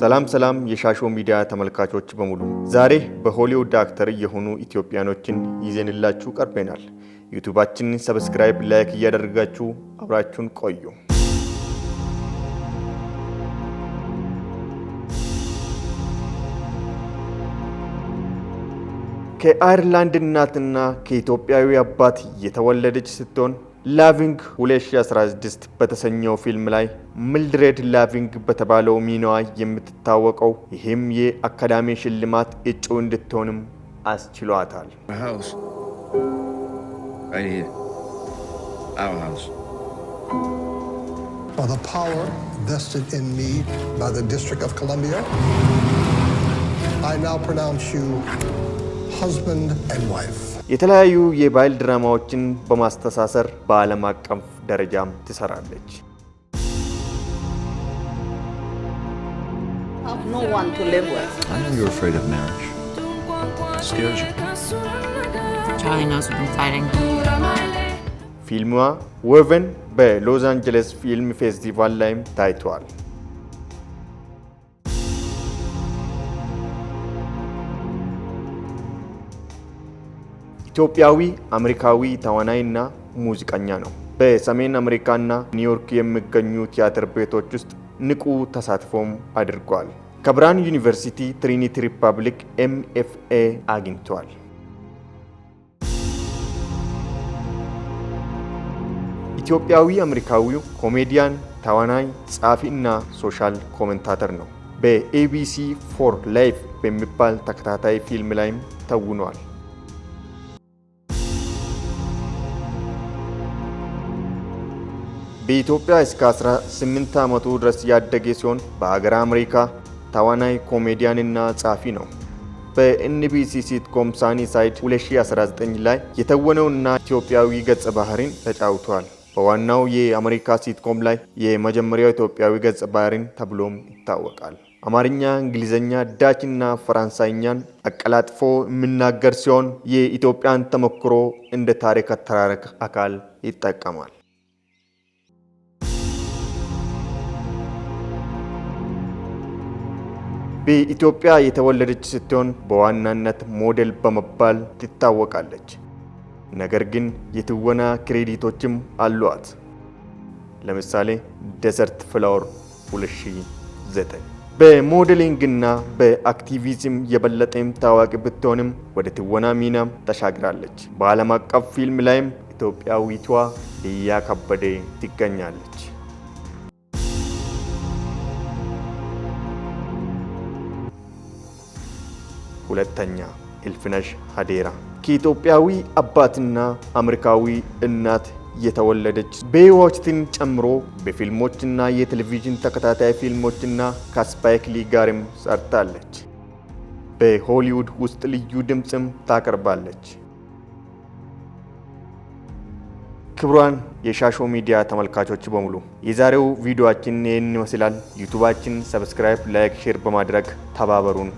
ሰላም ሰላም የሻሾ ሚዲያ ተመልካቾች በሙሉ ዛሬ በሆሊውድ አክተር የሆኑ ኢትዮጵያኖችን ይዘንላችሁ ቀርበናል። ዩቱባችንን ሰብስክራይብ፣ ላይክ እያደረጋችሁ አብራችሁን ቆዩ። ከአይርላንድ እናትና ከኢትዮጵያዊ አባት የተወለደች ስትሆን ላቪንግ 2016 በተሰኘው ፊልም ላይ ሚልድሬድ ላቪንግ በተባለው ሚናዋ የምትታወቀው ይህም የአካዳሚ ሽልማት እጩ እንድትሆንም አስችሏታል። I now pronounce you የተለያዩ የባህል ድራማዎችን በማስተሳሰር በዓለም አቀፍ ደረጃም ትሰራለች። ፊልሟ ወቨን በሎስ አንጀለስ ፊልም ፌስቲቫል ላይም ታይቷል። ኢትዮጵያዊ አሜሪካዊ ተዋናይና ሙዚቀኛ ነው። በሰሜን አሜሪካና ኒውዮርክ የሚገኙ ቲያትር ቤቶች ውስጥ ንቁ ተሳትፎም አድርጓል። ከብርሃን ዩኒቨርሲቲ ትሪኒቲ ሪፐብሊክ ኤምኤፍኤ አግኝቷል። ኢትዮጵያዊ አሜሪካዊው ኮሜዲያን፣ ተዋናይ፣ ጸሐፊ እና ሶሻል ኮሜንታተር ነው። በኤቢሲ ፎር ላይፍ በሚባል ተከታታይ ፊልም ላይም ተውኗል። በኢትዮጵያ እስከ 18 ዓመቱ ድረስ ያደገ ሲሆን በሀገር አሜሪካ ተዋናይ ኮሜዲያንና ጸሐፊ ነው። በኤንቢሲ ሲትኮም ሳኒ ሳይድ 2019 ላይ የተወነውና ኢትዮጵያዊ ገጸ ባህሪን ተጫውቷል። በዋናው የአሜሪካ ሲትኮም ላይ የመጀመሪያው ኢትዮጵያዊ ገጸ ባህሪን ተብሎም ይታወቃል። አማርኛ፣ እንግሊዝኛ፣ ዳችና ፈራንሳይኛን አቀላጥፎ የሚናገር ሲሆን የኢትዮጵያን ተሞክሮ እንደ ታሪክ አተራረክ አካል ይጠቀማል። በኢትዮጵያ የተወለደች ስትሆን በዋናነት ሞዴል በመባል ትታወቃለች። ነገር ግን የትወና ክሬዲቶችም አሏት። ለምሳሌ ደሰርት ፍላወር 2009 በሞዴሊንግና በአክቲቪዝም የበለጠም ታዋቂ ብትሆንም ወደ ትወና ሚና ተሻግራለች። በዓለም አቀፍ ፊልም ላይም ኢትዮጵያዊቷ እያከበደ ከበደ ትገኛለች። ሁለተኛ ኢልፍነሽ ሀዴራ ከኢትዮጵያዊ አባትና አሜሪካዊ እናት የተወለደች በሕይወትን ጨምሮ በፊልሞችና የቴሌቪዥን ተከታታይ ፊልሞችና ከስፓይክ ሊ ጋርም ሰርታለች። በሆሊውድ ውስጥ ልዩ ድምፅም ታቀርባለች። ክብሯን የሻሾ ሚዲያ ተመልካቾች በሙሉ የዛሬው ቪዲዮአችን ይህን ይመስላል። ዩቱባችን ሰብስክራይብ፣ ላይክ፣ ሼር በማድረግ ተባበሩን።